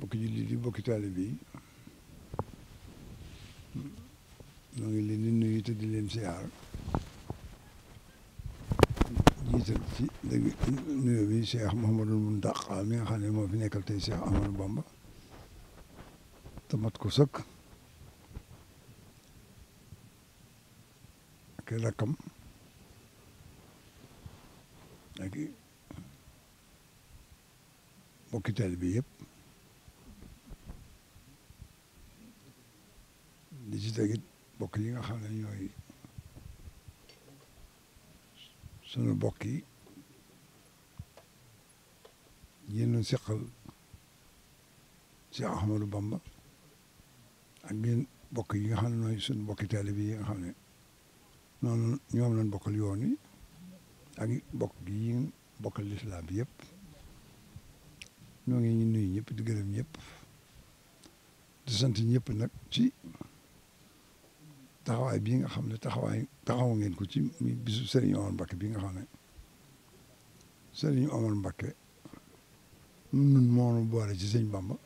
bokki jullit yi bokki taalibe yi ñoo ngi leen di nuyu te di leen siyaar jiital ci dëgg nuyoo bi Cheikh Mouhamadul Mountakha mi nga xam moo fi nekkal tey Cheikh Amadou Bamba te mat ko sëkk ki rakkam ak mbokki taalibe bi yëpp di ci yi nga xam ne ñooy sunu bokk yi yéen siqal si Ahmadou Bamba ak yéen bokk yi nga xam ne nooy sunu bokki taalibe bi yi nga xam ne ñoom ñoom lañ bokkal yoon wi ak bokk gi bokkal lislaam bi yëpp ñoo ngi nu nuyu ñëpp di gërëm ñëpp di sant ñëpp nag ci taxawaay bii nga xam ne taxawaay taxaw ngeen ko ci muy bisu Serigne Omar Mbacké bi nga xam ne Serigne Omar Mbacké nun moonu boole ci sëñ Bamba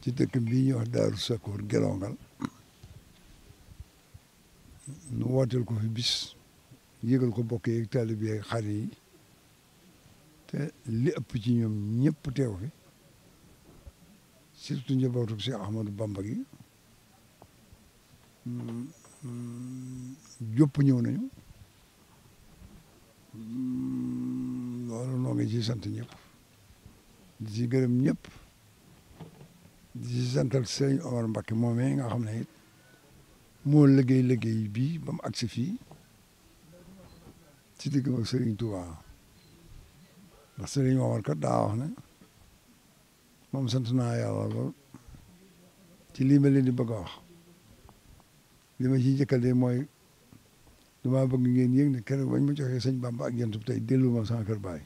ci dëkk bii ñuy wax Daaru Sakkoor Gelongal nu wooteel ko fi bis yëgal ko bokk yeeg taalibe yeeg xare yi te li ëpp ci ñoom ñëpp teew fi surtout njabootu si Ahmadou Bamba gi jëpp mm, ñëw nañu mm, loolu noo ngi ciy sant ñëpp di ci gërëm ñëpp di ci santal sëñ Omar Mbacké moomee nga xam ne it moo liggéey liggéey bii ba mu agsi fii ci digg ak Serigne Touba ndax Serigne Momar kat daa wax ne moom sant naa yàlla lool ci lii ma leen di a wax li ma ciy njëkkalee mooy dama bëgg ngeen yëg ne keroog bañ ma joxee sëñ Bamba ak jant bi tey dellu ma sama kër baay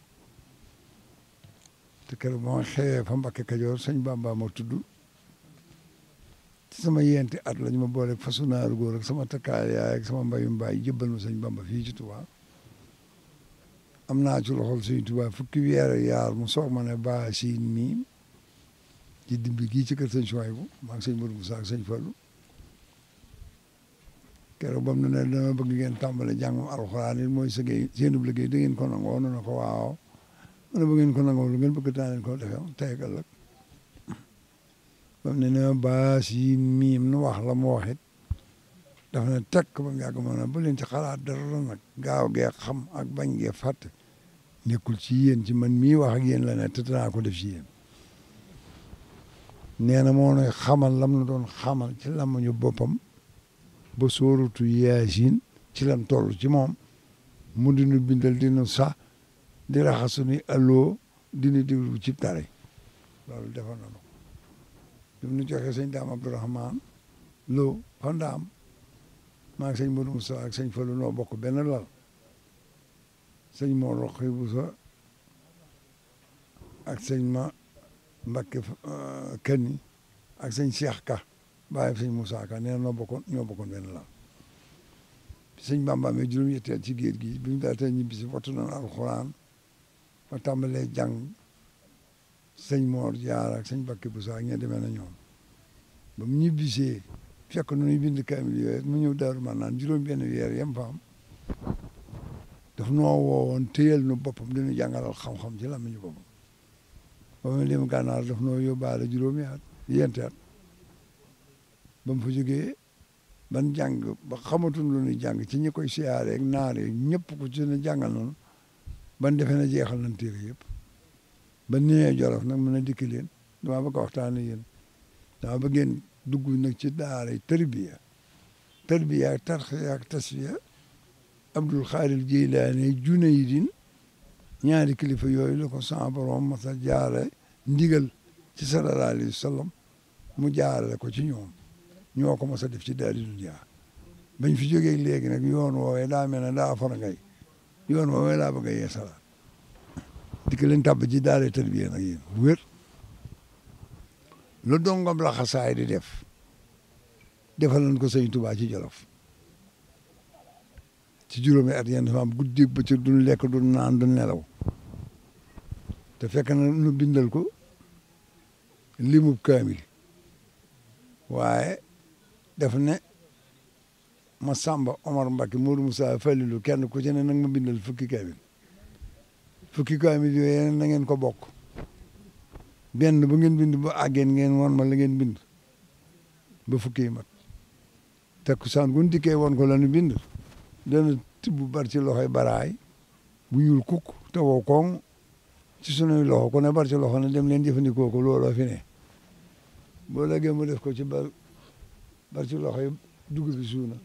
te keroog ba ma xewee fa Mbàkke Kajoor sëñ Bamba ma tudd ci sama yenti at lañ ma boole fasu naaru góor ak sama takkaay yaay ak sama mbayu mbaay jëbbal ma sëñ Bamba fii ci Touba am naa ci loxol sëñ Touba fukki weer yaar mu soog ma ne baa siin mii ci dimbi gii ci kër sëñ Souhaïbou maa ngi sëñ Modou Moussa ak sëñ Fallou bam nu ne dama bëgg ngeen tàmbale jàngam alxuraan it mooy sëgey seenub liggéey da ngeen ko nangoo nu ne ko waaw mu ne bu ngeen ko nangoo lu ngeen bëgg daa ko defee tey ak من نا باسي ميم نوح لا موحد دافنا تك با ياك مانا بو لين تي خلات در نا غاو غي خم اك بان غي فات نيكول سي يين سي مان مي واخ يين لا نتتنا كو ديف سي يين نانا مون خمال لام نون خمال سي لام ني بوبام بو سورتو ياسين سي لام تولو سي موم مودينو بيندل دينو سا دي راخصني الو ديني ديو سي تاري لول دافنا نكو bi mu joxee sëñ daam Abdourahman Lo fa ndaam maa ngi sëñ Modou ak sëñ Fallou noo bokk benn lal sëñ moo roqi Boussa ak sëñ ma Mbakke euh, Kenni ak sëñ Cheikh Ka bàyyi sëñ Moussa Ka nee noo bokkoon ñoo bokkoon benn lal sëñ Bamba mi juróom-ñetteel ci giir gi bi mu daal tey ñibbi si wattu fa tàmbalee jàng sëñ Mor Diarra ak sëñ Bakki Boussa ak ña demee na ñoom ba mu ñibbisee fekk nu ñuy bind kaamil yooyu mu ñëw Daaru Marnaan juróom benn weer yem fa am daf noo woowoon téyel nu boppam dinu jàngalal xam-xam ci làmmiñu boppam ba mu dem gànnaar daf noo yóbbaale juróomi at yente at ba mu fa jógee ban jàng ba xamatuñ lu ñuy jàng ci ñi koy siyaaree ak naaree ñëpp ku ci ne jàngal ban defee na jeexal nañ téere yëpp ba nee jolof nag mën a dikki leen dama bëgg a waxtaan yéen dama dugg nag ci daaray tërbiya tërbiya ak tarxiya ak tasfiya Abdul Xaalil Jeylaani Junaydin ñaari kilifa yooyu la ko sama borom masa jaare ndigal ci sallallahu alayhi wa mu jaarale ko ci ñoom ñoo ko mos a def ci daari duniya bañ fi jógee léegi nag yoon woowee daa mel ne daa far ngay yoon woowee daa bëgg a yeesalaat di ko leen tàbb ci daara tarbiya nag yéen bu wér lu dongam la xasaay di def defal nañ ko sëñ Tuubaa ci Jolof ci juróomi at yéen dafa am guddi ba ci duñ lekk duñ naan duñ nelaw te fekk na nu bindal ko limu kaamil waaye daf ne ma Samba Omar Mbacke Modou Moussa Falilou kenn ku ci ne nag ma bindal fukki kaamil fukki kaamil yooyu na ngeen ko bokk benn bu ngeen bind bu àggeen ngeen woon ma la ngeen bind ba fukki yi mat takkusaan gun dikkee woon ko la nu bind dana tibb bar ci loxoy baraay bu ñuul kukk te woo ci sunuy loxo ku ne loxo na dem leen jëfandikoo ko looloo fi ne boo lagee mu def ko ci bar bar ci loxo yi dugub bi suuna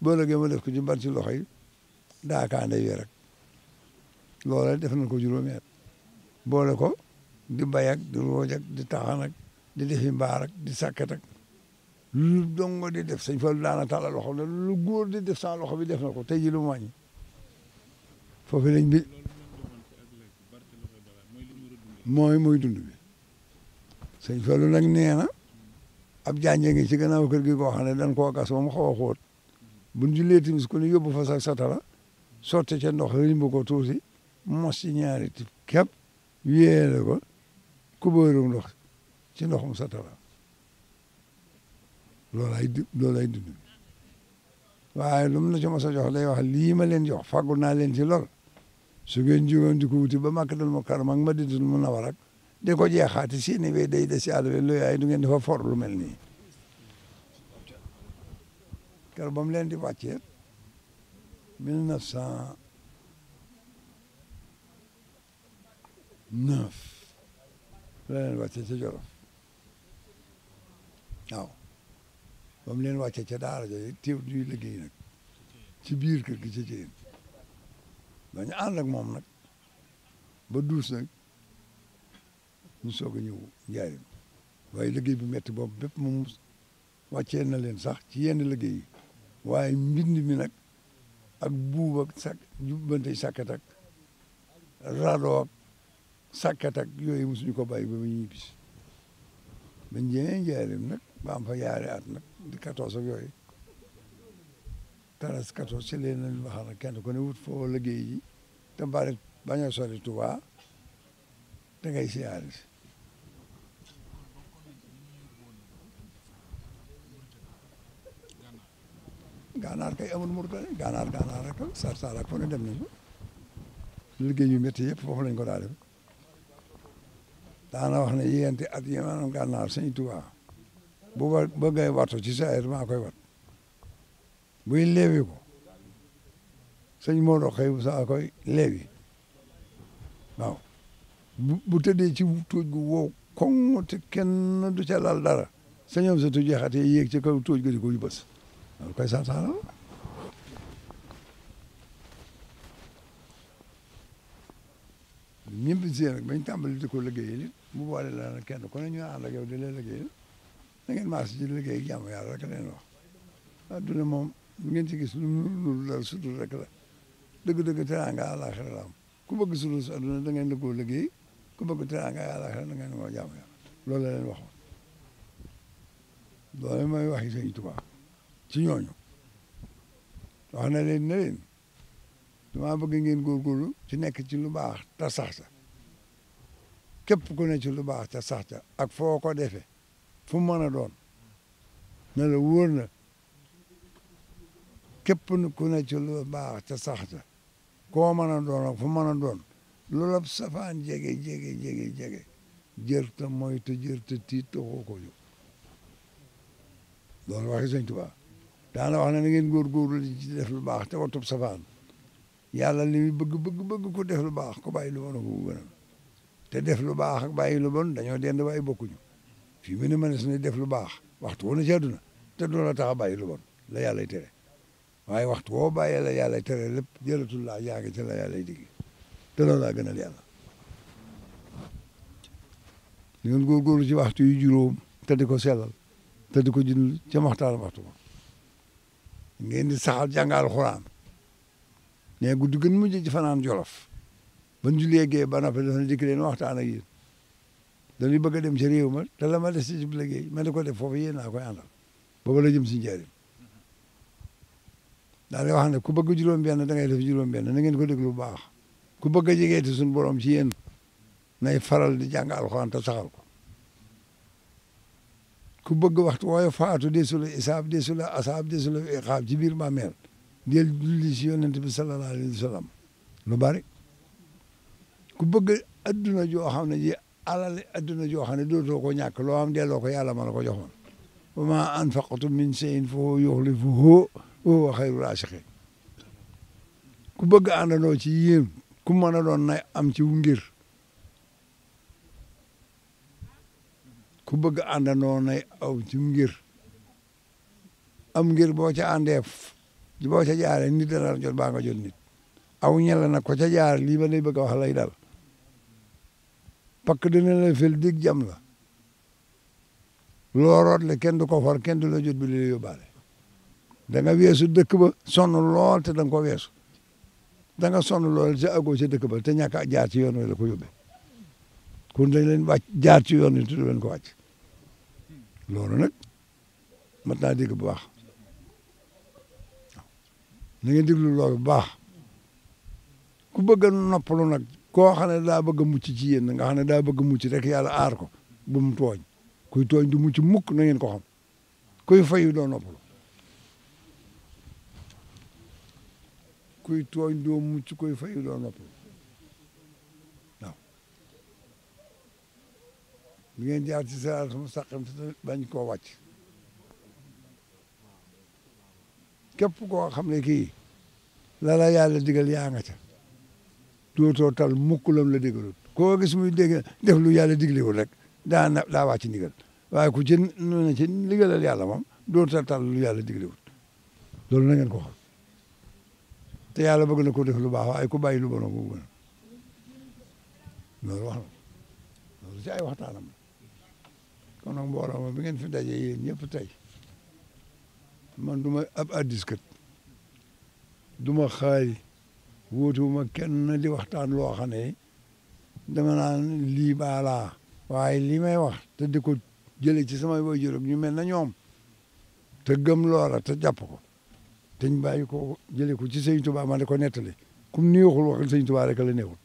boo lagee mu def ko ci bar ci loxo yi daakaande yi rek loola def nañ ko juróomi boole ko di bay di rooj di taxan di defi mbaar di sàkket ak lu dongo di def sëñ Fallu daana tàllal loxo ne lu góor di def sa loxo bi def na ko tey ji lañ bi mooy dund bi nag nee na ab ngi ci gannaaw kër gi koo xam ne dañ koo gas ba mu xaw a xóot buñ jullee timis ku ne yóbbu fa sa satala ca ndox rimba ko mos tip ñaari tib képp wéere ko kubóorum ndox ci ndoxum satala loolay loolay dund waaye lu mu na ci mos a jox day wax lii ma leen jox fàggul naa leen ci lor su ngeen jógoon di ko wuti ba Makkatul Mukarrama ak Madinatul Munawwara de ko jeexaati si ni day des si àll bi lu yaay du ngeen dafa for lu mel nii keroog di wàccee mille neuf neuf la leen wàccee ca Jolof waaw ba leen wàccee ca daara jooju teew ñuy liggéey nag ci biir kër gi ca jigéen dañu ànd ak moom nag ba duus nag ñu soog a ñëw waaye liggéey bu metti boobu bépp moom wàccee na leen sax ci yenn liggéey waaye mbind mi nag ak buub ak sak jubbante sàkkat ak raadoo sàkkat ak yooyu mosuñu ko bàyyi ba mu ñibbisi bañ ñëwee njaareem nag ba am fa yaari at nag di 14 ak yooyu tras 14 ci leen nañ waxal nag kenn ku wut foo liggéey ji te bari bañ a sori Tuubaa da ngay siyaare si kay amul Mauritanie gànnaar gànnaar rek sar sar ak fu dem nañu liggéey yu métti yëpp foofu lañ ko daa daana wax na yéente at yi ma doon gànnaar sëñ Tuubaa bu bëggay wattu ci saa maa koy wat buy léewi ko sëñ Modou xëy bu saa koy léewi waaw bu tëddee ci tóoj gu wow koŋ kenn du ca lal dara sañoom sa tuji xatee yéeg ci kaw tóoj ga di ko yu bës loolu koy sa la ñëpp si nag bañ tàmbali di ko liggéeyal it mu boole la nag kenn ku ne ñu ànd ak yow di leen liggéeyal da ngeen maas ci liggéey jàmm yàlla rek leen wax adduna moom bu ngeen ci gis lu lu dal sutur rek la dëgg-dëgg teraanga àllaaxira la am ku bëgg sutur su adduna da ngeen liggéey liggéey ku bëgg teraanga àllaaxira da ngeen moo jàmm yàlla loolu la leen waxoon loolu mooy waxi Sëñ Tuubaa ci ñooñu wax na leen ne leen dama bëgg ngeen góorgóorlu ci nekk ci lu baax ta sax sa képp ku ne ci lu baax ca sax ca ak foo ko defe fu mën a doon ne la wóor na képp ku ne ci lu baax ca sax ca koo mën a doon ak fu mën a doon loolu safaan jege jege jege jege jërta moytu jërta tiit taxoo ko jóg loolu waxi sëñ Tuubaa daana wax ne na ngeen góorgóorlu di ci def lu baax te watub safaan yàlla li bëgg bëgg bëgg ku def lu baax ko bay lu mën a ko gënal te def lu baax ak bàyyi lu bon dañoo dend waaye bokkuñu fii mu ne mënees na def lu baax waxtu woon na ci àdduna te doo la tax a bàyyi lu bon la yàllay tere waaye waxtu woo bàyyee la yàllay tere lépp jëlatul laa yaa ngi ci la yàllay digg te loolu laa gënal yàlla di ngeen góorgóorlu ci waxtu yu juróom te di ko sellal te di ko jënd ca maxtaan waxtu ma ngeen di saxal jàngal xuraan ne guddi gën mujj ci fanaan jolof ban jullee gee ba noppi dafa dikk leen waxtaan ak yéen dañuy bëgg dem ci réew ma te la ma des ci liggéey ma ne ko def foofu yéen a koy àndal booba la jëm si njëriñ daal di wax ne ku bëgg juróom-benn da ngay def na ngeen ko déglu bu baax ku bëgg a jegeeti suñu borom ci yéen nay faral di jàng alxuraan te saxal ko ku bëgg waxtu wooyo faatu deesu la isaab deesu la asaab deesu la iqaab ci biir bàmmeel del julli si yonent bi sallallahu lu bari ku bëgg adduna joo xam ne ji alal adduna joo xam ne dootoo ko ñàkk loo am delloo ko yàlla ma la ko joxoon wa ma anfaqtum min shay'in fa huwa yukhlifuhu wa huwa khayrul raasiqiin ku bëgg àndandoo ci yéen ku mën a doon nay am ci ngir ku bëgg àndandoo nay aw ci ngir am ngir boo ca àndee boo ca jaaree nit dana jot baa nga jot nit aw ñela nag ko ca jaar lii ba lay bëgg a wax dal pakk dina la fil dig jam la loo le kenn du ko for kenn du la jot bi li la weesu dëkk ba sonn lool te danga ko weesu da nga sonn lool sa agoo sa dëkk ba te ñàkk a jaar ci yoon wi la ko yóbbee kon dañ leen wàcc jaar ci yoon wi tudd leen ko wàcc loolu nag mat naa dégg bu baax na ngeen déglu bu baax ku bëgg a noppalu nag koo xam daa bëgg a mucc ci yéen nga xam ne daa bëgg a mucc rek yàlla aar ko bu mu kuy tooñ du mucc mukk na ngeen ko xam kuy fayu doo noppalu kuy tooñ doo mucc kuy fayu doo noppalu waaw li ngeen jaar ci siraat mustaqim bañ koo wàcc képp koo xam ne la la yàlla digal yaa nga ca dootoo tal mukk la déggalul ko gis muy dégg def lu yàlla diglewul rek daa na daa wàcc ndigal waaye ku ci nu na ci ndigalal yàlla moom dootoo tal lu yàlla diglewul loolu na ngeen ko xam te yàlla bëgg na ko def lu baax waaye ku bàyyi lu bon ko gën loolu wax na loolu ci waxtaanam la kon nag ma bi ngeen fi daje yéen ñëpp tey man du ma ab addis kat wóotuwuma kenn di waxtaan loo xam ne dama naan lii baalaa waaye li may wax te di ko jële ci samay waajur ak ñu mel na ñoom te gëm loola te jàpp ko te ñu ko jële ko ci sëñ Tuubaa ma di ko nettali kum neexul waxal sëñ Tuubaa rek la neexul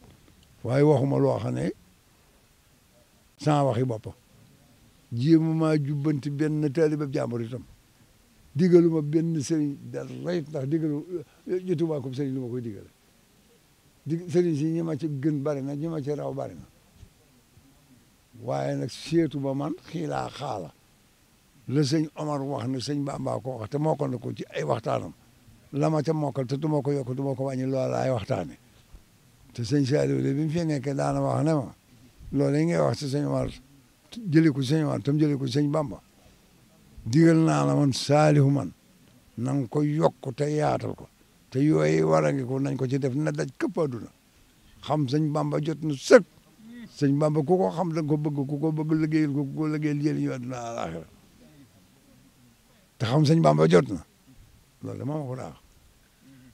waaye waxuma loo xam ne sans waxi bopp ma jubbanti benn taalibe jàmbur itam digaluma benn sëriñ dara rey ndax digalu jotumaa ko sëriñ lu ma koy digale di sëriñ si ñi ma ci gën bari na ñi ma ci raw bari na waaye nag seetu ba man xiilaa xaala la sëñ Omar wax ne sëñ Bamba ko wax te mokkal ci ay waxtaanam la ma ca mokkal te du ma ko yokk du ma ko wàññi loola ay waxtaane te sëñ Saliou de bi mu fi nekkee daana wax ne ma loolu wax ci sëñ Omar jëlee ko sëñ Omar tam jëlee ko sëñ Bamba digal naa la man Saliou man na ko yokk te yaatal ko te yooyu war a ko nañ ko ci def na daj këpp àdduna xam sëñ bamba jot na sëkk sëñ bamba ko ko xam da ko bëgg ku ko bëgg liggéeyal ko ku ko liggéeyal jëriñu àdduna alaxira te xam sëñ bamba jot na loolu dama ko daax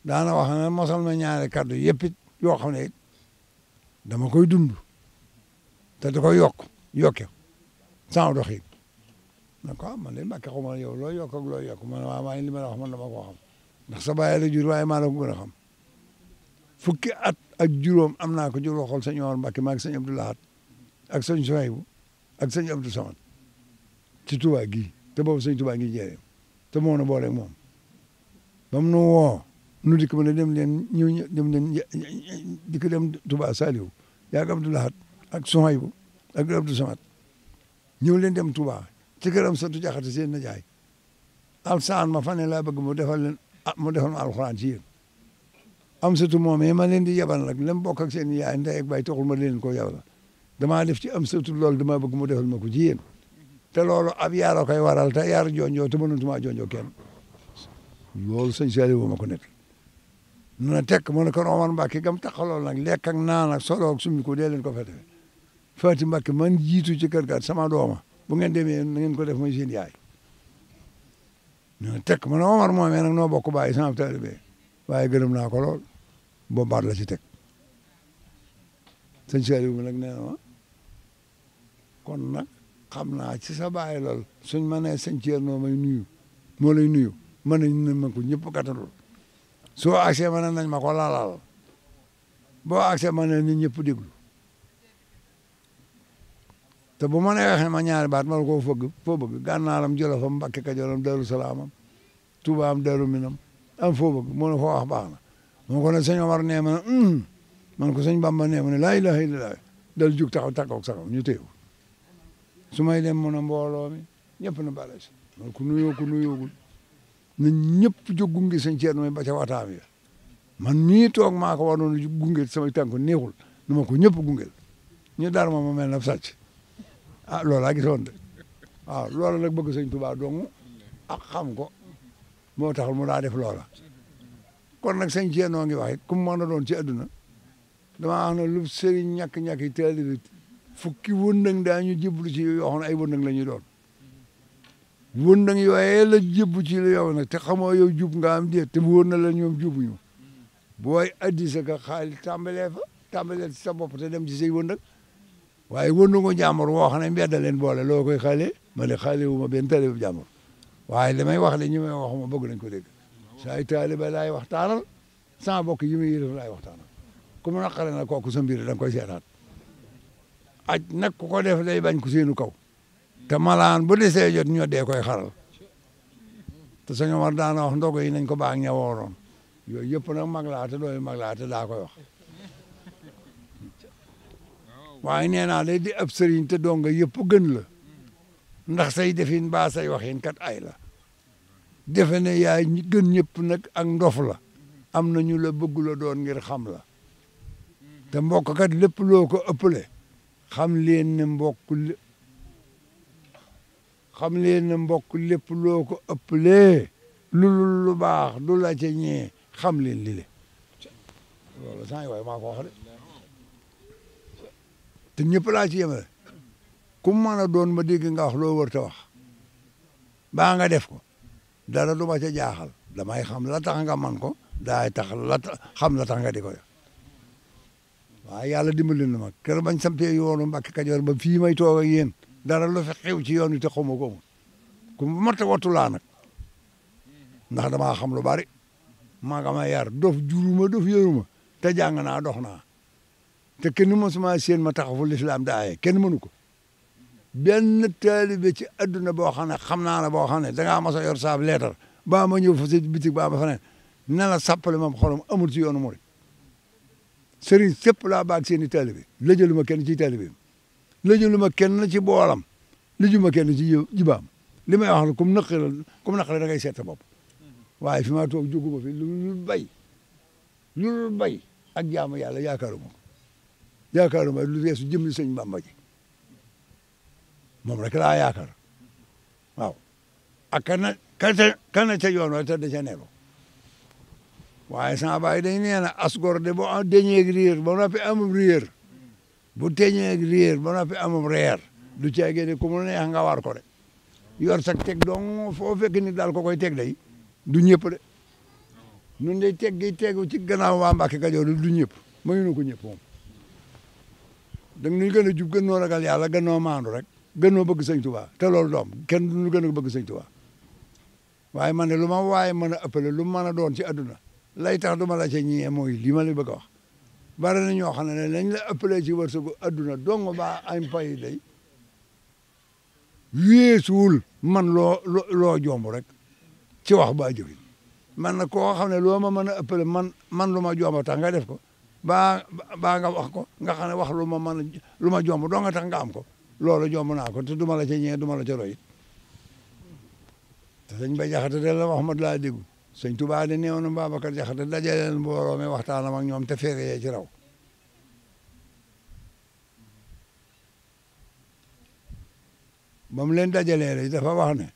daana wax ne ma ñaari kàddu yëpp yoo xam ne dama koy dund te da koy yokk yokke sans doxin na ko ah man de mbàkke xuma yow loo yokk ak loo yokk man waaw maa li ma la wax ma dama ko xam ndax sa baye la jur waye ma la ko gëna xam fukki at ak juróom am naa ko jur xool sëñ Omar Mbacke maa ngi sëñ Abdou Lahad ak sëñ Souhaïbou ak sëñ Abdou Samad ci Touba gii te boobu sëñ Touba gii jeereem te moo na booleeg moom ba mu nu woo nu dikk ma ne dem leen ñu dem leen dikk dem Touba Saliou yaa ngi Abdou Lahad ak Souhaïbou ak Abdou Samad ñëw leen dem Touba ci këram sa tu jaxate seen na jaay alsaan ma fa ne laa bëgg mu defal leen Ah, mu defal ma alxuraan ci yéen am satu moomee eh, ma leen di yabal nag lam bokk ak seen yaay ndey ak baay taxul leen ko yabal damaa def ci am satu loolu damaa bëgg mu defal ma ko ci yéen te loolu ab yaara koy waral te yaar jonjoo te mënatumaa jonjoo kenn loolu sëñ Saliou ma ko nekk nu na tekk mu ne ko Omar Mbacke gam taxalool nag lekk ak naan ak solo ak ko dee leen ko fa defe Faati Mbacke man jiitu ci kër ga sama dooma bu ngeen demee na ngeen ko def mooy seen yaay ñu teg ma ne Omar mooy mais nag noo bokk bàyyi sama taalibe waaye gërëm naa ko lool boobaat la ci teg sëñ Saliou bi nag nee na kon nag xam naa ci sa bàyyi lool suñ ma nee sëñ Thierno may nuyu moo lay nuyu mën nañ ma ko ñëpp katalul soo àgsee ma ne nañ ma ko laalal boo àgsee ma ne nit ñëpp déglu te bu ma nee ma ñaari baat ma ko koo fëgg foo bëgg gànnaaram jolofam mbakke kajooram daru salaamam tubaam daru minam am foo bëgg mu ne foo wax baax na ma ko ne sëñ Omar nee ma ne man ko sëñ Bamba nee ma ne laa ilaha illallah dal jug taxaw takkoog saxam ñu téew su may dem mu ne mbooloo mi ñëpp na bala si man ku nuyoo ku nuyoogul na ñëpp jóg gunge sëñ Ceerno ba ca waxtaan yi man mii toog maa ko waroon gunge sama tànk neexul na ma ko ñëpp gungel ñu dar ma ma mel na sàcc ah loolu laa gisoon de waaw loolu nag bëgg sëñ Tuubaa dong ak xam ko moo tax mu daa def loola kon nag sëñ Ceenoo ngi wax it ku mu a doon ci adduna damaa wax ne lu sëriñ ñàkk ñak yi taalibi fukki wëndëng daa ñu jébbalu ci yoo xam ne ay wëndëng la ñuy doon wëndëng yooyee la jébbu ci yow nag te xamoo yow jub nga am déet te wóor na la ñoom jubuñu booy addi sa ka xaalis tàmbalee fa tàmbalee ci sa dem ci say wëndëng waaye wëndugo jàmbur woo xam ne mbedd leen boole loo xaale ma ne xaale wu ma benn taalibu jàmbur waaye damay wax ne ñi may wax ma bëgg nañ ko dégg saa yu taaliba laay waxtaanal sama bokk yi muy yëlif laay waxtaanal ku mu na kooku sa mbir da nga koy seetaat aj ko def day bañ ku seenu kaw te malaan bu desee jot ñoo dee koy xaral te saño war daana wax ndogo yi nañ ko baag ña wooroon yooyu yëpp nag mag laa te dooyu laa daa koy wax waay nee naa lay di ab sëriñ te donga yëpp gën la ndax say defin baa say waxin kat ay la defe ne yaay gën ñëpp nag ak ndof la am na ñu la bëgg la doon ngir xam la te mbokk kat lépp loo ko ëppale xam leen ne mbokk xam leen ne mbokk lépp loo ko ëppalee lu lu baax du la ca ñee xam leen li le loolu saa waay maa ko wax de te ñëpp laa ci yemale ku mu mën doon ma dégg nga wax loo wër ta wax baa nga def ko dara du ma ca jaaxal dama damay xam la tax man ko daay tax la xam la tax nga di ko def waaye yàlla dimbali na ma kër bañ samtee yoonu Mbàkke Kajoor ba fii may toog ak yéen dara lu fi xew ci yoon wi te xawma ko amul ku mat a wattu laa nag xam lu bari maa nga ma yar dof juruma dof yëruma te jàng naa dox naa te kenn mosuma seen ma taxawu lislaam daaye kenn mënu ko benn taalibe ci adduna boo xam ne xam naa la boo xam ne dangaa mos a yor saab leetar baa ma ñëw fa si bitik baa ma fa ne na la sàppale moom xolam amul ci yoonu murit sëriñ sëpp laa baak seen i taalibe lëjaluma kenn ci taalibeem lëjaluma kenn ci boolam ma kenn ci jibaam li may wax la comme naqare comme naqare da ngay seet bopp waaye fi ma toog jóguma fi lu bay lu bay ak jaamu yàlla yaakaaruma ko yaakaaruma lu weesu jëmmi sëñ Bamba moom rek laa yaakaar waaw ak kana kana kana ca yoon wa te da ca nekk waaye sama baay dañ nee na asgor de boo deñeeg réer ba noppi amum réer bu teñeeg réer ba noppi amum reer du caagee de ku mu neex nga war ko de yor teg dong foo fekk nit daal ko koy teg day du ñëpp de nun day teg gi tegu ci gannaaw waa Mbàkke Kajoor du ñëpp mayuñu ko ñëpp moom da nuy gën a jub gën noo ragal yàlla gën noo maandu rek gën noo bëgg sëñ Tuubaa te loolu doom kenn duñu gën a bëgg sëñ Tuubaa waaye man ne lu ma waaye mën a ëppale lu mën a doon ci adduna lay tax du ma la ca ñëwee mooy li ma la bëgg a wax bari na ñoo xam ne lañ la ëppalee ci wërsëgu adduna dong ba am pay day suul man loo loo jomb rek ci wax ba jëfi man na koo xam ne loo ma mën a ëppale man man lu ma jomb tax nga def ko baa baa nga wax ko nga xam ne wax lu ma mën a lu ma jomb doo nga tax nga am ko loolu jomb naa ko te du la ca ñee du la ca roy it te sëñ ba jaxate de la wax ma laa déggu sëñ Tuubaa de néew na Babacar jaxate dajaleen mbooloo mi waxtaanam ñoom te feere yee ci ba mu leen dajalee rek dafa wax ne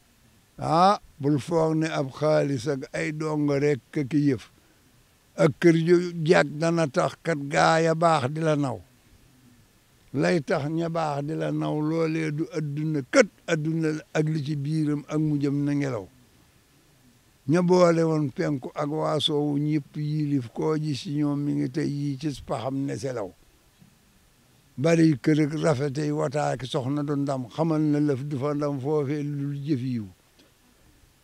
ah bul foog ne ab xaalis ay dongo rek ki yëf ak kër yu dana tax kat gaaya baax di la naw lay tax ña baax di la naw loolee du adduna kat adduna ak li ci biiram ak mujjam na ngelaw ña boole woon penku ak waasoowu ñëpp yilif koo ji si ñoom mi ngi tey yii paxam ne bari kër ak rafetey soxna du ndam xamal na lëf du fa lul jëf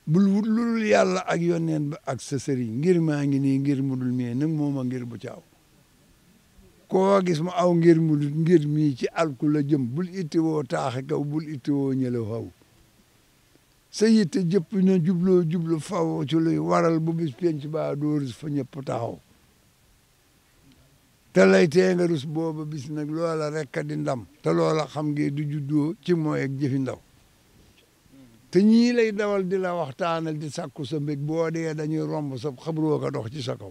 bul wut lulul yàlla ak yonneen ba ak sa sëriñ ngir maa ngi nii ngir mudul mii nag mooma ngir bu caaw ko gis mu aw ngir mudul ngir mii ci alku la jëm bul itti woo taaxe kaw bul itti woo ñële xaw sa yitte jëpp na jubloo jublu faw ci waral bu bis penc baa dóorus fa ñëpp taxaw te lay tee nga booba bis nag loola rek di ndam te loola xam nge du juddoo ci mooy ak jëfi ndaw te ñii lay dawal di la waxtaanal di sakku sa mbég boo dee dañuy romb sa xabru ko dox ci sa kaw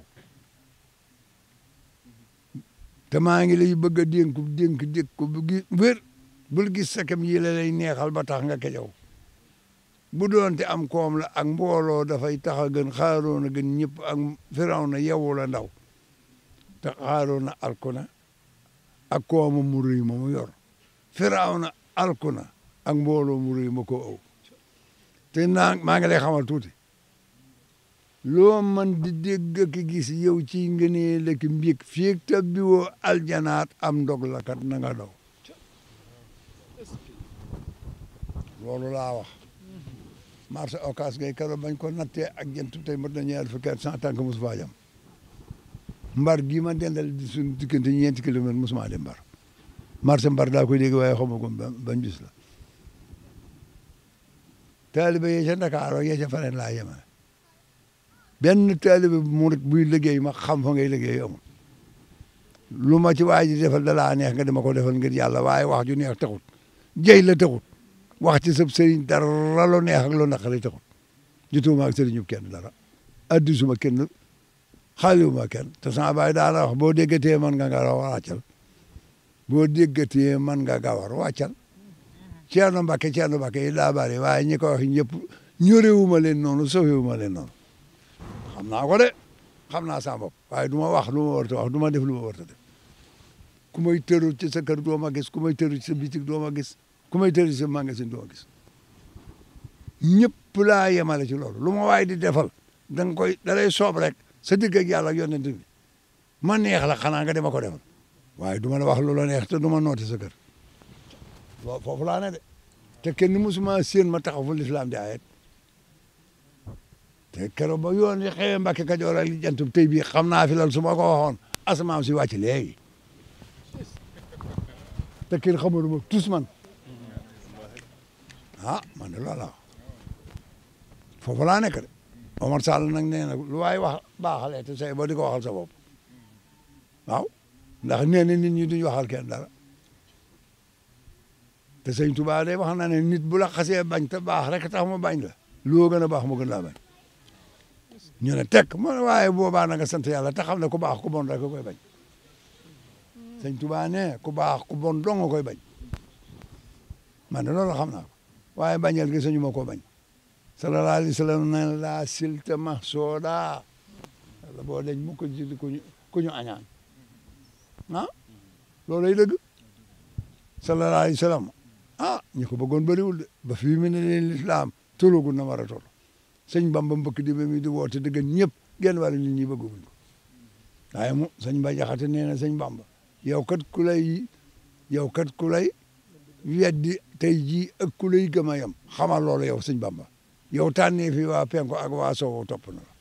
te maa ngi lay bëgg a dénku dénk dénk ko bu wér bul gis sakam yi la lay neexal ba tax nga kejaw bu doonte am koom la ak mbooloo dafay tax a gën xaaroon a gën ñëpp ak firaw na yewu ndaw te xaaroon na alku ak kooma mu rëy ma mu yor firaw na alku na ak mbooloo mu rëy ma ko aw te naa maa ngi lay xamal tuti lo man di deg ki gis yow ci ngene la ki mbég fiig tabbi wo aljanat am dog la kat na nga daw lolu la wax marché okas ngay karo bañ ko nattee ak jënt tey mo na ñaar fukki at tank tànk jam mbar gi ma dendal di sun diggante ñent kilomètre mosumaa dem mbar marché mbar da koy deg way xamugo bañ bis la taalibe yi ca Ndakaaroo yee ca faneen laa yemale benn taalibe mu buy liggéey ma xam fa ngay liggéey amul lu ma ci waay ji defal da laa neex nga dama ko defal ngir yàlla waaye wax ju neex taxut jëy la taxut wax ci sab sëriñ dara lu neex ak lu naqari taxut jotuuma ak sëriñu kenn dara addi suma kenn xaaliwuma kenn te sama baay daana wax boo déggatee man nga gawar wàccal boo déggatee man nga gawar wàccal Ceerno Mbakke Ceerno Mbakke yi daa bari waaye ñi ko wax ñëpp ñorewuma leen noonu sofewuma leen noonu xam naa ko de xam naa sama bopp waaye duma ma wax lu ma warta wax du ma def lu warta def ku may tëru ci sa kër doo ma gis ku may tëru ci sa bitik doo ma gis ku may tëru ci doo ma gis yemale ci loolu lu ma waay di defal da koy da soob rek sa digg yàlla ak yonent bi ma neex la xanaa nga dema ko defal waaye du ma la wax lu la neex te du ma nooti sa kër waaw foofu laa ne de te kenn musuma séen ma taxaw fu lislaam di ayet te keroog ba yoon yi xewee Mbàkke Kajoor ak jantub tey bii xam naa fi lan su ko waxoon asamaan si wàcc léegi te kenn xamaluma tous man ah man de loolu la foofu laa nekk de na lu waay wax baaxalee te say boo di waxal sa bopp ndax nee na nit ñi duñ waxal kenn dara te sëñ Tuubaa day wax na ne nit bu la xasee bañ te baax rek tax mu bañ la loo gën a baax mu gën laa bañ ñu ne teg mu waaye boobaa na nga sant yàlla te xam ne ku baax ku bon rek koy bañ sëñ Tuubaa ne ku baax ku bon koy bañ man de loolu xam naa ko waaye bañal gi sañu ma koo bañ sallallahu alayhi wa sallam ne laa silta ma sooda yàlla boo deñ mu ko jidi kuñu ku ñu añaan ah loolu lay dëgg sallallahu alayhi wa ah ñu ko bëggoon bëriwul de ba fii mu ne leen lislaam toloogu na war a toll sëñ Bamba mbëkk di mi di woote dëgg ñëpp genn wàllu nit ñi bëgguñ ko waaye mu sëñ Ba Jaxate na sëñ Bamba yow kat ku lay yow kat ku lay weddi tey jii ak ku lay gëm a yem xamal yow sëñ Bamba yow tànnee fi waa penko ak waa sowo topp na la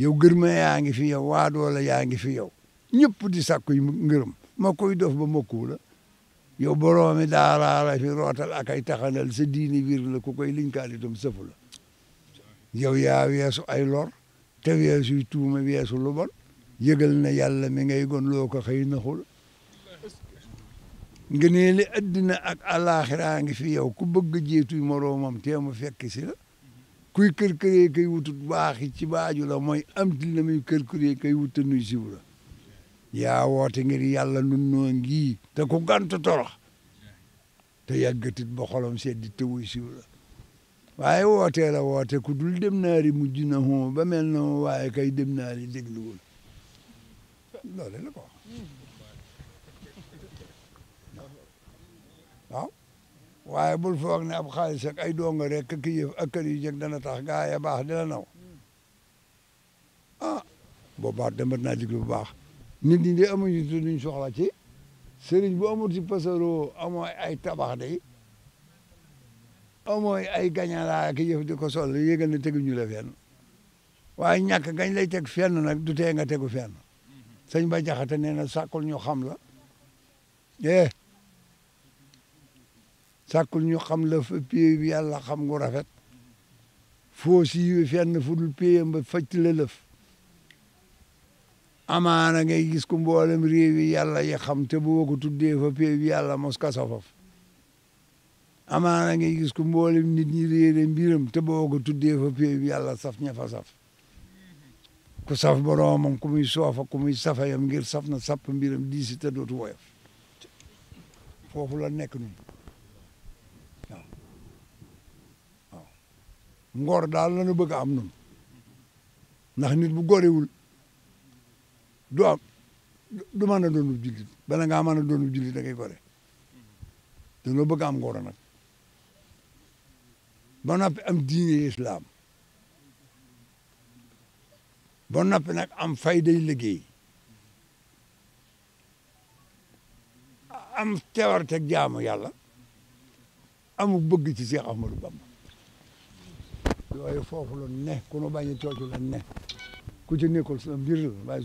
yow gërma yaa ngi fi yow waa doola yaa ngi fi yow ñëpp di sàkku yi ngërëm ma koy dof ba mokku la يو برومي دارا را في روت الاكاي تخانل سي ديني بير لا كوكاي لين كالي دوم سفول يو يا ويسو اي لور تي ويسو توما ويسو لوبون ييغلنا يالا ميغي غون لوكو خاي نخول غني لي ادنا اك الاخره غي في يو كو بوج جيتو مروم تيما فيك سي لا كوي كير كير كاي ووتو باخي تي باجو لا موي امتي لا مي كير كير كاي ووتو نوي سيبرو yaa woote ngir yàlla nun noo ngi te ku gant torox te yàggatit ba xolom seddi te wuy siw la waaye wootee la woote ku dul dem naari mujj na xoo ba mel na waaye kay dem naari dégluwul loole la ko waaye bul foog ne ab xaalis ak ay doonga rek ki yëf ak kër yu dana tax gaa ya baax di naw ah boobaa demat naa diglu bu baax nit ñi de amuñu ci luñ soxla ci sëriñ bu amul ci pasaroo amoo ay tabax day amoo ay gañalaa ki yëf di ko sol yégal na teguñu la fenn waaye ñàkk gañ lay teg fenn nag du tee nga tegu fenn sëñ ba jaxate nee na sàkkul ñu xam la eh sàkkul ñu xam la fa pie bi yàlla xam ngu rafet foo si fenn fu dul piyam ba faj la lëf amaana ngay gis ku mboolem réew yi yàlla yi xam te bu ko tuddee fa yàlla mos kasa amaana ngay gis ku mboolem nit ñi réere mbiram te boo ko tuddee fa péew yàlla saf ña fa saf ku saf boroomam ku muy soofa ku muy ngir saf na sapp mbiram diisi te dootu woyof foofu la nekk nun waaw ngor daal la nu bëgg am nun ndax nit bu gorewul du am du mën a doonu jullit bala ngaa mën a doonu jullit da ngay gore dañoo bëgg am ngoro nag ba noppi am diine islam ba noppi nag am fayday liggéey am teewarte jaamu yàlla am bëgg ci Cheikh Ahmadou Bamba yooyu foofu la ne ku bañ a la ne ku ci nekkul sa mbir la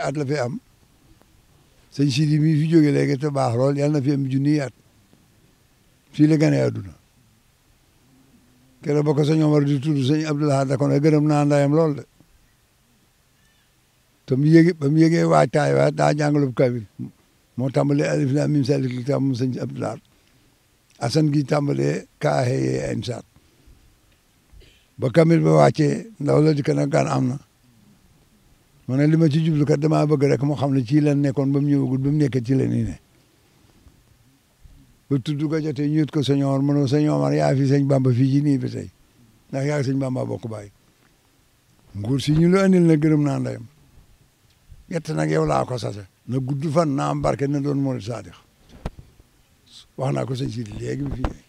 at la fi am sëñ Sidi mii fi jóge léegi te baax lool yàlla na fi am junniy at fii la gane àdduna keroog ba ko sëñ Omar di tudd sëñ Abdou Lahad da ko gërëm naa ndayam lool de te mu yége ba mu yégee waajtaay waay daa jàngalub kabil moo tàmbalee alif laam miim zaalika kitaab moom sëñ Abdou Lahad asan ba kamil ba wàccee ndaw la di ko nag am na ma ne li ma ci jublu kat damaa bëgg rek moo xam ne ci lan nekkoon ba mu ñëwagul ba mu nekk ci la nii ne ba tudd ko jotee ñëwit ko sëñ Omar mënoo sëñ Omar yaa fi sëñ Bamba fii ci nii bi tey ndax yaa sëñ Bamba bokk bàyyi nguur si ñu lu andil na gërëm naa ndeyam yett nag yow laa ko sase na gudd fan na am barke na doon murid saadix wax naa ko sëñ Sidi fi ñëwee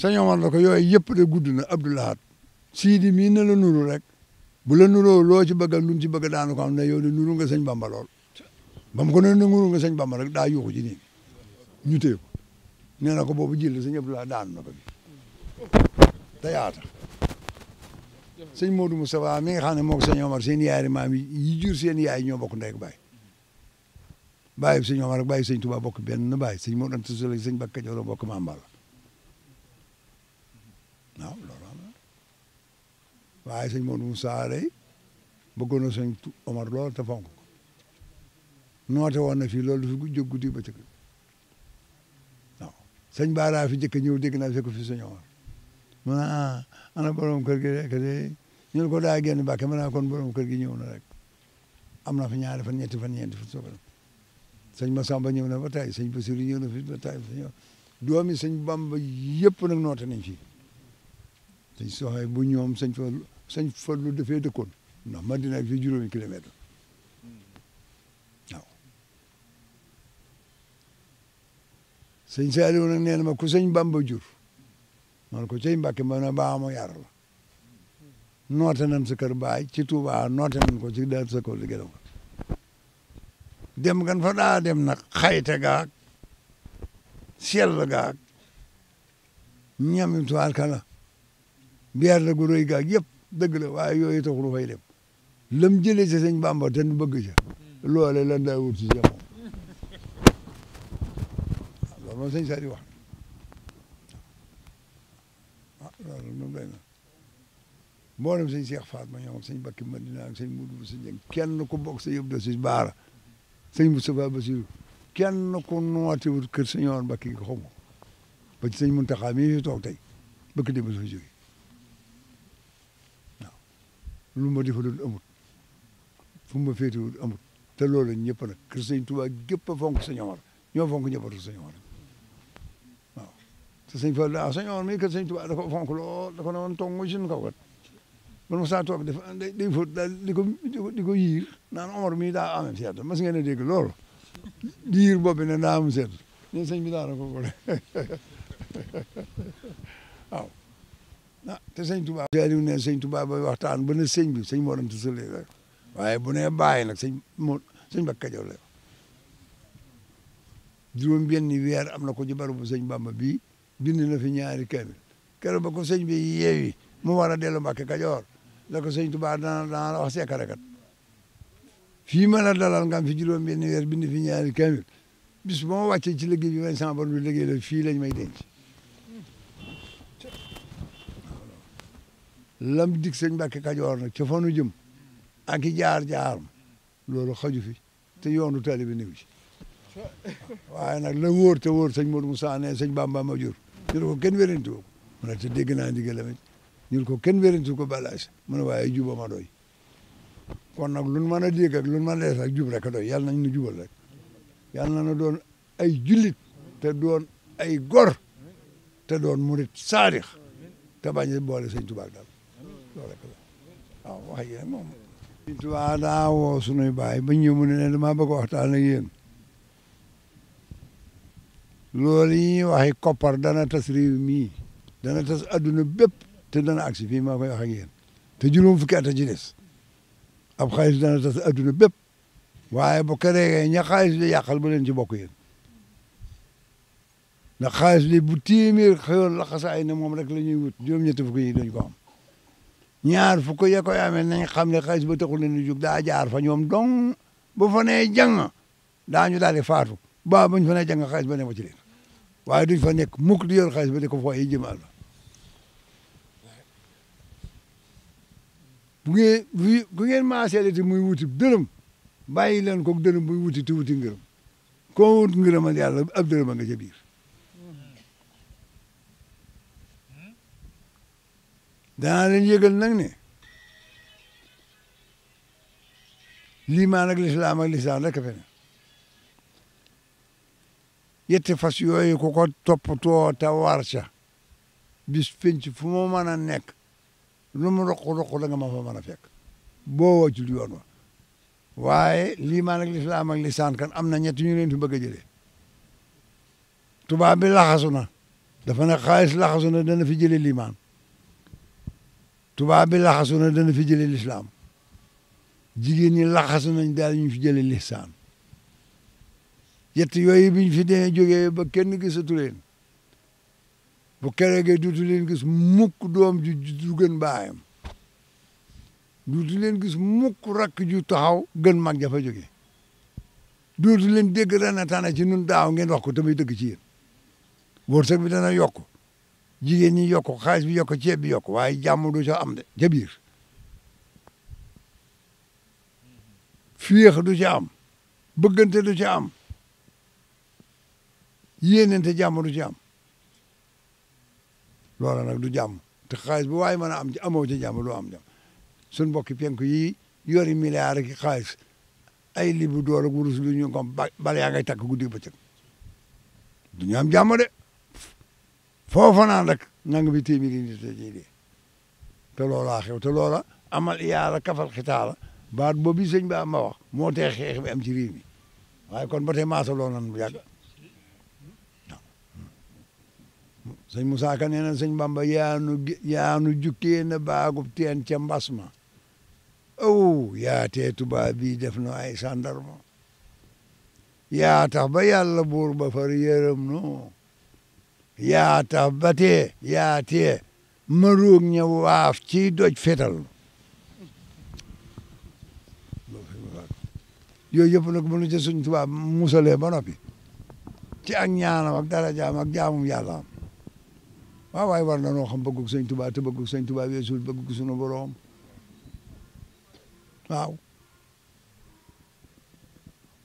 sëñ Omar na ko yooyu yëpp de gudd na Abdoulahat Sidi mii na la nuru rek bu la nuroo loo ci bëgg lu ci bëgg daan ko am ne yow de nuru nga sëñ Bamba lool ba ko ne nuru nga sëñ Bamba rek daa yuuxu ci nii ñu téye ko nee na ko boobu jël sëñ Abdoulahat daanu na ko mi nga moo ko sëñ Omar seen bokk ndek baay baay bi sëñ Omar ak baay bi sëñ Touba bokk benn baay sëñ Modou Anta Sall sëñ Bakka Joor bokk Maam Balla waaw loolu am na waaye sëñ Modou Moussa day bëggoon na sëñ Omar lool te fonk ko noote woon na fii loolu du fi jóg guddi ba cëkk waaw Baara fi njëkk ñëw dégg naa fekk fi sëñ Omar mu ne ah ana borom kër gi rek de ñu ko daa génn Mbàkke ma ne kon borom kër gi ñëw na rek am na fa ñaari fan ñetti fan ñeenti fan soog a dem sëñ Massamba ñëw na ba tey sëñ Basiru ñëw na fi ba tey doomi sëñ Bamba yëpp nag noote nañ fii sëñ Soxaay bu ñoom sëñ Fallu sëñ Fallu dafee dëkkoon ndax Madina fi juróomi kilomètre waaw sëñ Saaliw nag ma ku sëñ Bamba jur man ko cay Mbàkke ma ne baa yar noote nan sa kër baay ci Tuubaa noote nan ko ci daal sa kër liggéeyam dem gan fa daa dem nag xayte gaag sell gaag ñam tuwaar kala mbiyaar la gu rëy gaag yëpp dëgg la waaye yooyu taxul fay dem lam jëlee ci sëñ Bamba te nu bëgg loole lan daa si jamono loolu moom sëñ Sadi wax ah loolu moom day na mboolem sëñ Cheikh Fatma ñoom ak Bakki Madina ak sëñ Moudou kenn ku bokk sa da si baara sëñ Moustapha Bassirou kenn ku nooti wut kër sëñoon Bakki gi ba ci sëñ toog tey bëgg di ba soo jógee lu ma defaloon amut fu ma féetewul amut te loolu ñëpp nag kër sëñ Tuubaa gépp a fonk sëñ Omar ñoo fonk njabootu sëñ Omar waaw te sëñ Fallu ah sëñ Omar mi kër sëñ Tuubaa da ko fonk lool da ko ne woon toog mooy suñu kaw kat man ma saa toog ko di ah te sëñ Touba. ne sëñ Touba bay waxtaan ba ne sëñ bi sëñ Mor Anta Sali la waaye bu nee bàyyi nag sëñ moo sëñ Mbacke Kajoor la juróom benni weer am na ko ci barabu sëñ Bamba bii bind na fi ñaari kaamil keroog ba ko sëñ bi yeewi mu war a dellu Mbacke Kajoor la ko sëñ Touba dana dana la wax seekare fii ma la dalal nga am fi juróom benni weer bind fi ñaari kaamil bis ma wàccee ci liggéey bi Vincent Bollou liggéey la fii lañ may denc. lam dig sëñ Mbàkke Kajoor nag ca fanu jëm ak i jaar-jaaram loolu xaju fi te yoonu tali bi néew ci waaye nag la woor te woor sëñ Modou Moussa ne sëñ Bamba a jur ñu ne ko kenn wérantu ko mu ne te dégg naa ndigalam ñu ne ko kenn wérantu ko balaas mu ne waaye juba ma doy kon nag lu nu mën a dégg ak lu nu mën a lees jub rek a doy yàlla nañ nu jubal rek yàlla na doon ay jullit te doon ay gor te doon murit saadix te bañ boole sëñ Tuubaa daal لوده كذا أو هي مم إنتوا على وسنوي باي بنيو من اللي ما بقوا حتى نيجين لولي وهي كبر دنا تسري مي دنا تس أدنى بيب تدنا أكسي في ما بقوا حاجين تجلون في كذا جنس أب خايس دنا تس أدنى بيب waaye bu kere ña xaalis li yàqal bu leen ci bokk yéen na xaalis li bu téeméer xëyoon la xasaay ne moom rek la ñuy wut juróom ñetti fukk yi duñ ko am ñaar fukk ya koy amee nañ xam ne xaalis ba taxul leen di jóg daa jaar fa ñoom dong bu fa nee jàng daañu daal di faatu ba buñ fa nee jàng xaalis ba ne ma ci leen waaye duñ fa nekk mukk di yor xaalis ba di ko fooy jëm àll bu ngeen bu ngeen muy wuti dërëm bàyyi leen ko dërëm muy wuti te wuti ngërëm koo wut ngërëmal yàlla ab dërëm a nga danaa leen yëgal nag ne liimaan ak lislaam ak fene yette fas yooyu ku ko toppatoo te war ca bis fu mu mën nekk lu mu roq-roq da nga mën a fekk boo wàccul yoon wa waaye liimaan ak lislaam kan am na ñetti fi bëgg a jëlee tubaab bi laxasu na dafa ne dana fi jëlee liimaan tubaab bi laxasu na dana fi jëlee lislaam jigéen ñi laxasu nañ daal ñu fi jëlee lislaam yett yooyu bi fi demee jógee ba kenn gisatu leen bu keroogee duutu leen gis mukk doom ju ju gën baayam duutu leen gis mukk rakk ju taxaw gën mag jafa jóge duutu leen dégg ren tana ci nun daaw ngeen wax ko tamit dëgg ci yéen wërsëg bi dana yokk jigéen ñi yokk xaalis bi yokk ceeb bi yokk waaye jàmm du ca am de ca biir féex du ca am bëggante du ca am yéenente jàmm du ca am loola nag du jàmm te xaalis bi waaye mën a am ci amoo ca jàmm du am jàmm suñ mbokki penku yi yori milliards ki xaalis ay libu doole wurus lu ñu ko bal yaa ngay takk guddi bëccëg du ñu de فوفنا لك نعبيتي مين تجيلي تلو لاخي وتلو لا أما يا ركف القتال بعد بوبي سنج بقى ما وق موت أخي أخي أم تريني هاي كون بره ما سلون أنا بيا سنج موسى كان ينا سنج بامبا يا نو يا نو جوكين باعوب تيان بسمة أو يا تيتو بابي دفنو أي ساندرمو يا تبا يا الله بفريرم نو yaa tabbatee yaa tee maruug ña waaf ci doj fetal yooyu yëpp nag mënu ci suñ tubaab musalee ba noppi ci ak ñaanam ak dara jaam ak jaamum yàllaam waaw waaye war na noo xam bëggug sëñ tubaab te bëggug sëñ tubaab weesul bëggug suñu boroom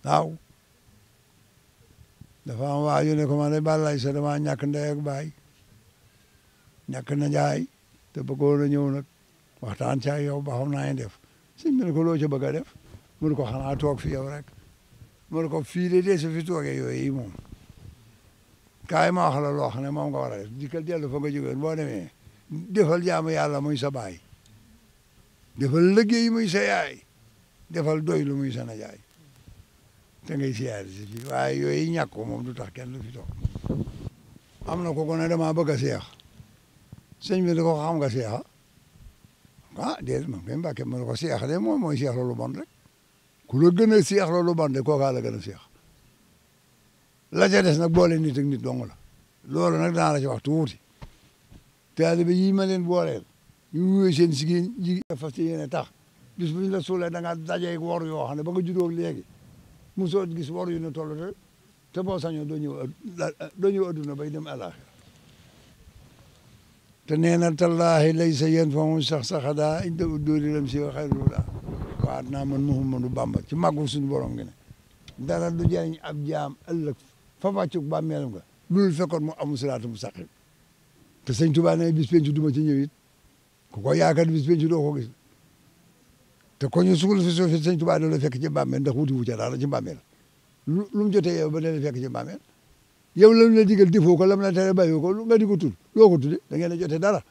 waaw dafa am ne ko man de Balla Aïssa dama ñàkk ndey ak baay ñàkk na jaay te bëggoon a ñëw waxtaan ci yow ba xam naa def sëñ bi ko loo ca bëgg a def mu ne ko xanaa toog fi yow rek mu ne ko fii de dee su fi toogee yooyu moom kaay ma wax loo xam ne moom nga war a def dikkal dellu fa nga jógee boo demee defal jaamu yàlla muy sa baay defal liggéey muy sa yaay defal doy lu muy na jaay da ngay siyaare si fii waaye yooyu ñàkk ko moom du tax kenn du fi toog am na ko ko ne damaa bëgg a seex sëñ bi da ko xam nga seexa ah déedéet ma ne ko seex de moom mooy seex loolu bon rek ku la gën a seex loolu bon de kookaa la gën a seex la ca des nag boole ni ak nit dong la loolu nag danaa la ci wax tuuti taalibe yi ma leen booleel ñu wuyoo seen jigéen jigéen fas yéene tax bis bu ñu la suulee da ngaa dajeeg wor yoo xam ne ba nga juddoo léegi mosoo gis wor yu ne toll te te boo sañoo doo ñëw doo bay dem àllaaxira te nee na tallaahi laysa yanfa'u sax-saxadaa inda udduuri lam si wa xayrula waat naa man Muhammadu Bamba ci màggu suñu borom ngi ne dara du jëriñ ab jaam ëllëg fa wàccug bàmmeelam nga loolu fekkoon mu amu siraatu mustaqim te sëñ Tuubaa ne bis penc du ma ci ñëw it ko yaakaar bis penc doo ko gis te ko ñu sukul fi suuf si sëñ Tuubaa la fekk ci bàmmeel ndax wuti wu ca dara ci bàmmeel lu lu mu jotee yow ba ne la fekk ci bàmmeel yow la ñu la digal defoo ko la mu la tere bàyyi ko lu nga di ko tudd loo ko tudde da ngeen a jotee dara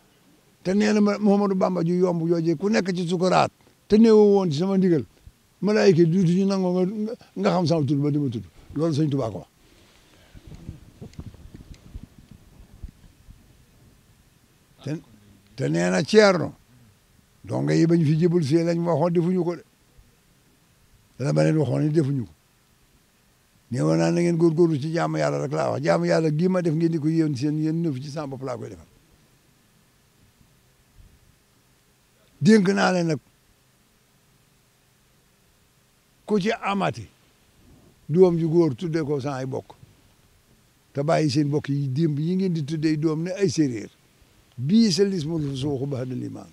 te nee na ma Mouhamadou Bamba ju yomb jooje ku nekk ci sukuraat te néewoo woon ci sama ndigal malaayika yi duutu ñu nangoo nga xam sama tudd ba di ma tudd loolu sëñ Tuubaa ko wax te nee na Ceerno donc yi ñu fi jébal si lañ waxoon ñu ko de la ma leen waxoon ni defuñu ko néewoon naa na ngeen góorgóorlu ci jaamu yàlla rek laa wax jaamu yàlla gii ma def ngeen di ko yéen seen yéen nëf ci sama bopp laa koy de dénk naa leen nag ku ci ju góor tuddee ko san ay bokk te bàyyi seen bokk yi démb yi ngeen di tuddee doom ni ay séeréer bii sa lis ma suuxu ba da limaan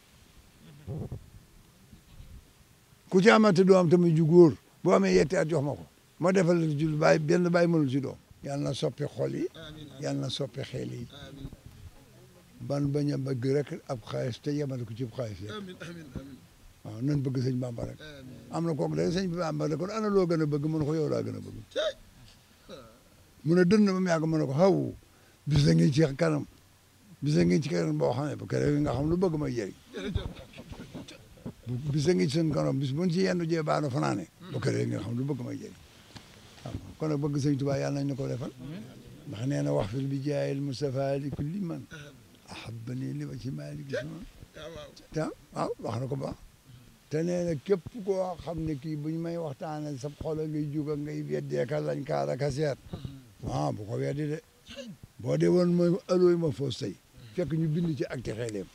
ku ci amati doom tamit ju góor boo amee yetti at jox ma ko ma defal ju bàyyi benn bàyyi mënul ci doom yàlla na soppi xol yi yàlla na soppi xel yi ban bañ a bëgg rek ab xaalis te yemale ko ci xaalis rek waaw nañ bëgg sëñ Bamba rek am na kooku day sëñ Bamba rek kon ana loo gën bëgg mën ko yow laa gën a bëgg mu ne dënn ba mu yàgg mu ne ko xaw bis la ngi ci kanam bis la ngi ci kanam boo xam ne nga xam lu bëgg ma jëriñ bis a ngi ci seen kanam bis bu ñu ci yendu jee baano fanaane hmm. bu këree nga xam lu bëgg may jëriñ waaw kon nag bëgg sëñ Tuubaa yàlla nañ ñu ko defal hmm. ndax nee na wax fil bi jaayil Mustafa li a man ahabbani li wa ci maalik te waaw wax na ko baax te nee na képp koo xam ne kii bu ñu may waxtaanee sa xol a ngay jug a ngay weddeeka lañ kaaraka seet hmm. waaw bu ko weddi de boo dee woon mooy alooy ma foos tey ñu bind ci ak texeeleem